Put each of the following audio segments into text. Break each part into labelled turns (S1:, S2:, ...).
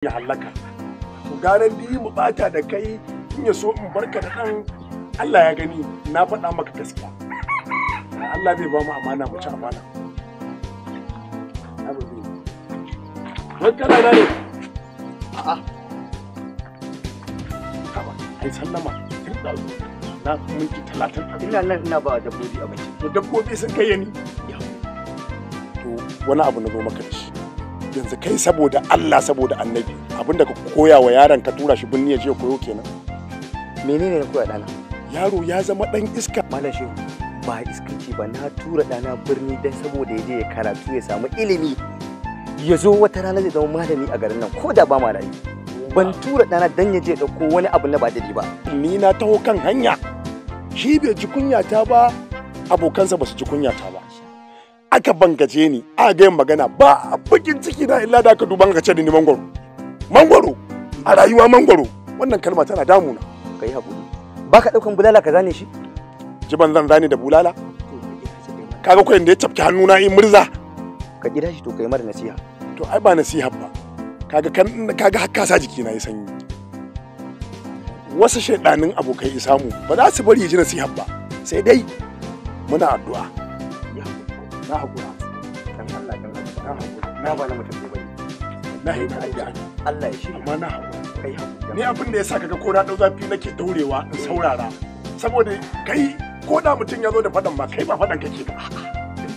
S1: ya hallaka mu gane biyu mu bata da kai in ya so in barka da ɗan Allah ya gani na faɗa maka gaskiya
S2: Allah bai ba mu amana mu ci
S1: amana wani kana na ne a'a kaba ai sallama tun da na minti talatin ina nan ina ba dabbobi abinci to dabbobi sun kai ni to wani abu na zo maka da shi yanzu kai saboda Allah saboda annabi abinda ka koya wa yaron ka tura shi binni ya je koyo kenan menene ya koya dana yaro ya zama dan iska malam shehu ba ce ba na tura dana birni dan saboda ya je ya karatu ya samu ilimi ya zo wata rana zai zama malami a garin nan ko da ba malami ban tura dana dan ya je dauko wani abu na ba dadi ba ni na taho kan hanya shi bai ji kunya ta ba abokansa ba su ji kunya ta ba aka bangaje ni a ga magana ba a bakin ciki na illa da aka duba ka ce ni mangoro mangoro a rayuwa mangoro wannan kalma tana damuna kai hakuri ba ka daukan bulala ka zane shi Ji ban zan zane da bulala kaga ko da ya tafki hannuna in murza ka kira shi to kai mara nasiha to ai ba nasiha ba kaga kan kaga hakka sa jiki na yi sanyi wasu shaidanin abokai isamu ba za su bari ji nasiha ba sai dai muna addu'a na haƙura kan Allah dan Allah na haƙura na ba na mutum ne bane na haƙura addu'a Allah ya shirya amma na haƙura kai haƙura ni abin da ya sa kaga ko na dau zafi nake daurewa in eh. saurara saboda kai ko da mutum ya zo da fadan ma kai ba fadan kake ba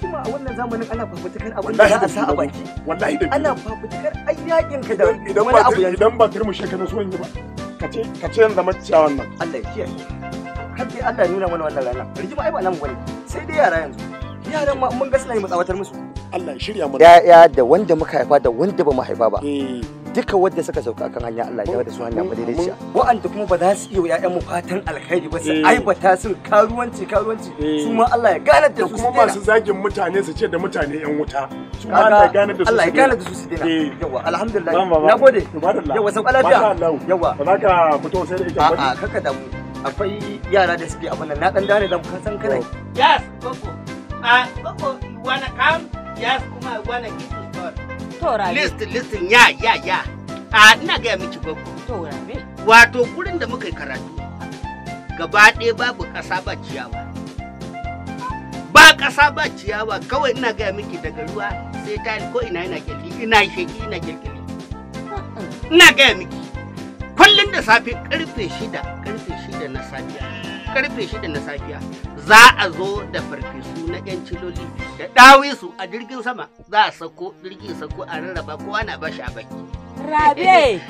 S1: kuma a wannan zamanin ana fafutukar abin da za a sa a baki wallahi da ana fafutukar ayyakin ka da wani abu yanzu idan ba kirmu shekara so yin ba kace kace yan zama ciyawan nan Allah ya kiyaye har dai Allah ya nuna mana wannan rana rigima ai ba nan bane sai dai yara yanzu yaran ma mun ga suna yi musu ya da wanda muka haifa da wanda ba mu haifa ba eh. duka wanda suka sauka kan hanya Allah ya da su hanya wa'anda kuma ba za su iya ya'yan mu alkhairi ba su eh. aibata karuwanci karuwanci eh. kuma Allah ya gane da su su su dena yawa alhamdulillah nagode yawa sauka yawa ka fito a'a kaka mu akwai yara da suke abin nan na dan dare dan san kana
S3: yes
S2: koko Uh, ah, Coco, you
S3: wanna come? Yes, kuma I wanna give you God. To Rabe. ya, ya, ya. A ah, ina gaya miki Coco. To Rabe. Wato gurin da muka yi karatu. Gaba ɗaya babu ƙasa ba ciyawa. Ba ƙasa ba ciyawa kawai ina gaya miki daga ruwa sai ta ko ina ina kyalli ina sheki ina kyalkyali. Ina gaya miki. Kullum da safe karfe shida, karfe shida na safiya. Karfe shida na safiya. za a zo da farfesu na yan ciloli da su a jirgin sama za a sako jirgin sako a rarraba kowa na bashi a baki. Rabe,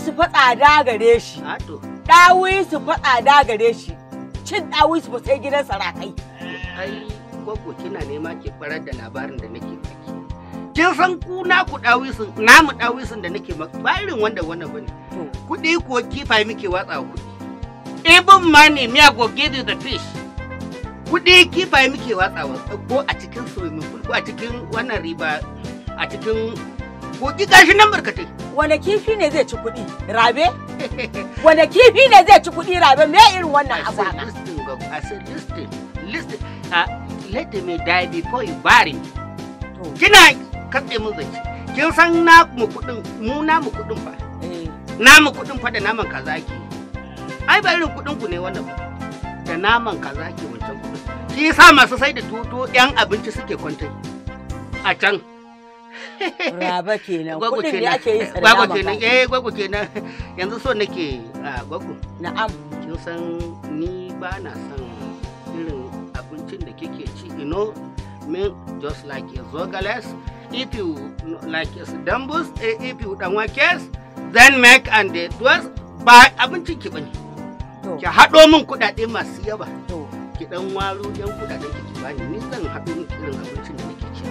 S3: su fa tsada gare shi. Ah, su fa tsada gare shi. Cin ɗawisu fa sai gidan sarakai. Ai, gwaggo kina nema ke farar da labarin da nake baki. Kin san ku na ku ɗawisun, namu su da nake maka ba irin wanda wannan bane. Kuɗi ko kifaye muke watsa kuɗi. Even money, me I go give you the fish. Kuɗi kifaye muke watsawa ko a cikin swimming pool ko a cikin wannan riba a cikin koki gashi nan barkatai. Wane kifi ne zai ci kuɗi? Rabe? Wane kifi ne zai ci kuɗi rabe? Me irin wannan abu haka? I said listen, listen, uh, let me die before you bury me. Kina katse mun zance. Kin san na mu kuɗin, mu na mu eh. fa. da naman kaza ke. ai ba irin kudin ku ne wannan da naman kaza ke wancan kudin shi yasa masu sai da tuto yan abinci suke kwantai a can raba kenan kuɗin ne ake yi tsare gwagwa kenan eh gwagwa kenan yanzu so nake a gwagwa na'am kin san ni ba na san irin abincin da kike ci you know me just like your zogales if you like your dambus eh, if you dan wake then make and the was ba abincin ki bane ki haɗo min kuɗaɗe masu yawa ki ɗan waro yan kuɗaɗen ki bani ni zan haɗo min irin abincin da nake ci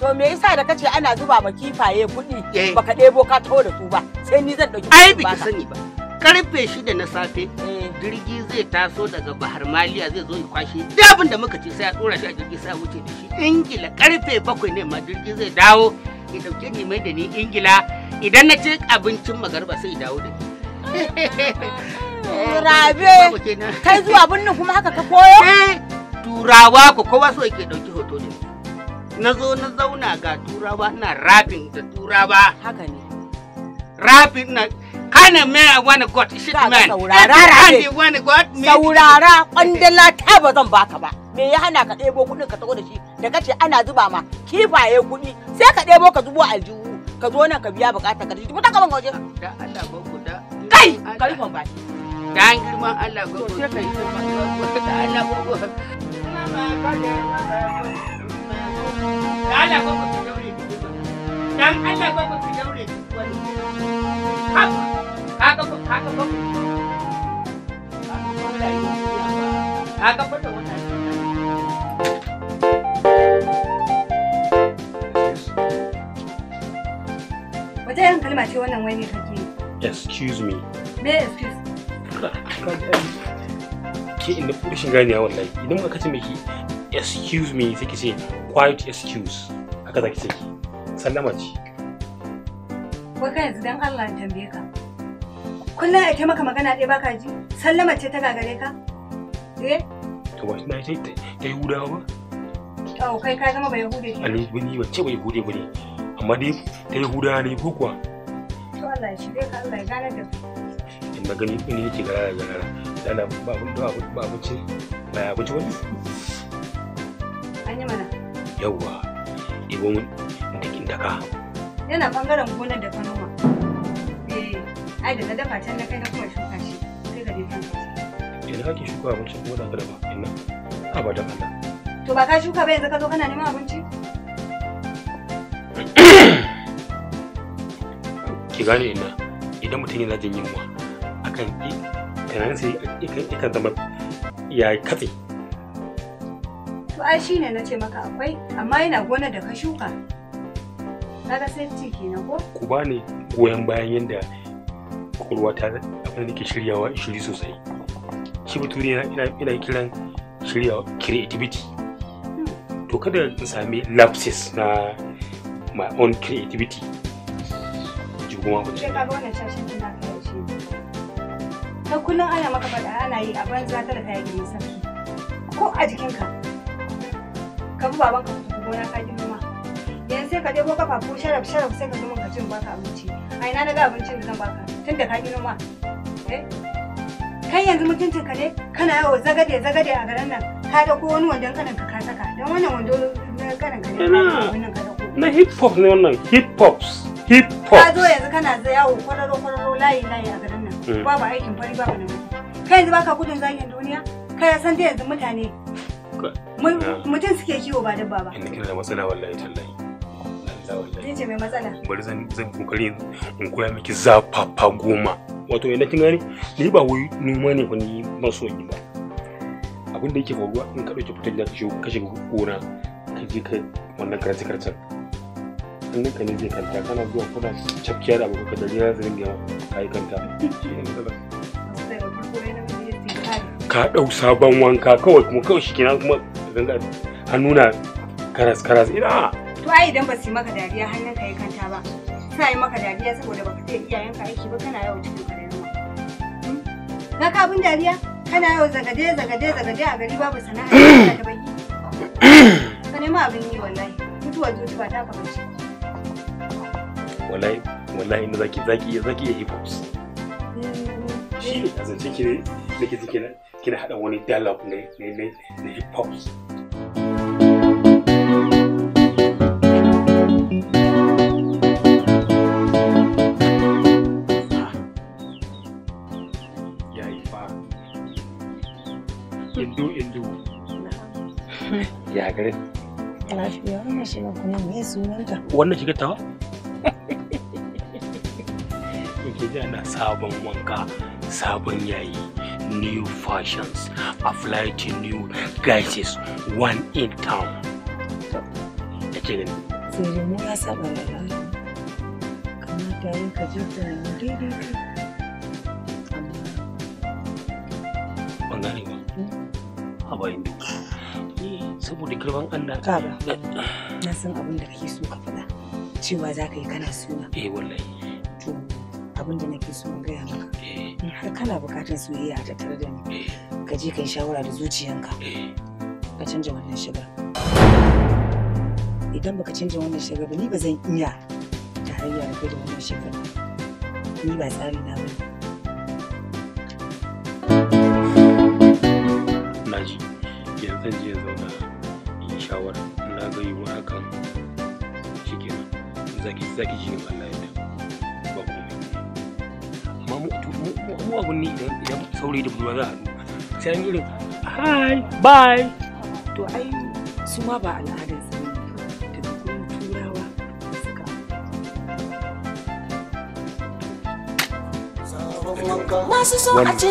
S3: to me yasa da kace ana zuba ma kifaye kuɗi eh. baka ɗebo ka taho da su ba sai ni zan ɗauki ai biki sani ba karfe shida na safe eh. jirgi zai taso daga bahar maliya zai zo ya kwashe dabin da muka ci sai a tsora shi a jirgi sai a wuce da shi ingila karfe bakwai ne ma jirgi zai dawo ya dauke ni mai da ni ingila idan na ci abincin magarba sai ya dawo da ni Rabe, eh, kai zuwa birnin kuma haka ka koyo? Eh, turawa ko kowa so yake ɗauki hoto da Na zo na zauna ga turawa na rabin da turawa. Haka ne. Rabin na kana mai wani god shit man. Saurara kwandala ta ba zan baka ba. Me ya hana ka ɗebo kuɗin ka tago da shi da kace ana zuba ma kifaye kuɗi sai ka ɗebo ka zubo aljihu ka zo nan ka biya bukatar ka da shi. Kuma ta gaban waje. Da Allah karfan ba dan girman Allah ko
S4: Excuse me. me excuse ke inda rashin wallahi idan aka ce miki excuse me sai ki ce quiet excuse haka zaki ce sallama ce
S2: baka yanzu dan Allah tambaye ka kullum ai maka magana ɗaya baka ji sallama ce ta gagare ka eh
S4: to ba na ce ta yahudawa
S2: ba oh kai ka zama ba yahude ke
S4: ni ban ce ba yahude ba ne amma dai ta yahudawa ne ko kuwa
S2: kuma Allah ya gane da su
S4: na gani iri gara da gara da abun ba abun ba ya buci wani an yi mana yawwa ibo mun dakin daka
S2: yana bangaren gonar da ka noma eh ai da na dafa can na kai na kuma shuka shi kai da kake shuka to ba ka shuka ba yanzu ka zo kana neman abinci
S4: ke gane ina idan mutum yana jin yunwa akan tunanin sai ikan zama ya katse
S2: to ai shine na ce maka akwai amma yana gonar da ka shuka kaga sai ke na ko
S4: ku ne goyon bayan yadda kokolwa ta abin da ke shiryawa shiri sosai shi bature yana ina kiran shiryawa creativity hmm. to kada in sami lapses na my own creativity kuma kuce ka
S2: ga wannan shashin din da ya ce ta kullun ana maka fada ana yi a banza ta da kayan gini sarki ko a jikin ka bi baban ka fito gona ka ji girma yanzu sai ka je debo kafa ko sharaf sharaf sai ka zo ka cin baka abinci a ina na ga abincin da zan baka tunda ka girma eh kai yanzu mutuncin ka ne kana yawo zagade zagade a garin nan ka da ko wani wanda kanin ka ka saka dan wannan wando na kanin ka
S4: ne na hip hop ne wannan hip hops
S2: hip hop ka zo yanzu kana zai yawo kwararo kwararo layi layi a garin nan eh. babu aikin fari babu nan kai yanzu baka gudun zagin duniya ka ya san dai yanzu mutane mutum suke kiwo ba dabba ba inda
S4: kina da matsala wallahi tallahi
S2: Ni ce mai matsala.
S4: Bari zan zan kokari in koya miki zafafa goma. Wato yana kin gani ni ba wai noma ne wani masoyi ba. Abin da yake faruwa in ka dauke fitar da kashe gona ka je ka wannan karatu karatun hannun ka ne zai kanta kana zuwa kuna cakkiyar abu kuka da zai zai ringa ayyukanta ka ɗau sabon wanka kawai kuma kawai shi kenan kuma hannuna karas karas ina
S2: to ai idan ba su yi maka dariya hannun ka yi kanta ba sa yi maka dariya saboda baka taya iyayenka aiki ba kana yawan cikin hmm? ka da yawa ka abin dariya kana yawan zagade zagade zagade a gari babu sana'a da baki ka nema abin yi wallahi mutuwar zuciya ta kamar shi
S4: wallahi wallahi inda zaki zaki zaki iya hip hop mm.
S2: shi ne kasance
S4: ne nake ji kina kina hada wani dialogue ne ne ne hip hop ah. Ya gare.
S2: Lafiya, wannan shiga kuma me sunanta?
S4: Wannan shiga tawa? ke ji sabon wanka sabon yayi new fashions a flight new guises one in town da ke gani
S2: tsere mu ya saba da kamata yi ka ji da daidai
S4: ban gane ba hmm? a bayan saboda girman Allah ka ba
S2: na san abin da kake so ka faɗa cewa za ka yi kana suna eh wallahi abin da nake so in gaya maka eh. in har kana bukatar soyayya a tattare da ni eh. ka je ka yi shawara da zuciyanka eh. ka canja wannan shigar idan baka canja wannan shigar ba ni ba zan iya tarayya da kai da wannan shigar ni ba tsari na ba
S4: naji yanzu je zauna yi shawara na ga yiwu hakan shi kenan zaki zaki ji ni wallahi mu abun ne idan saurayi da budurwa za a haɗu sai an irin hi bye to ai
S3: su ma ba al'adar su daga gurin turawa suka masu son a ce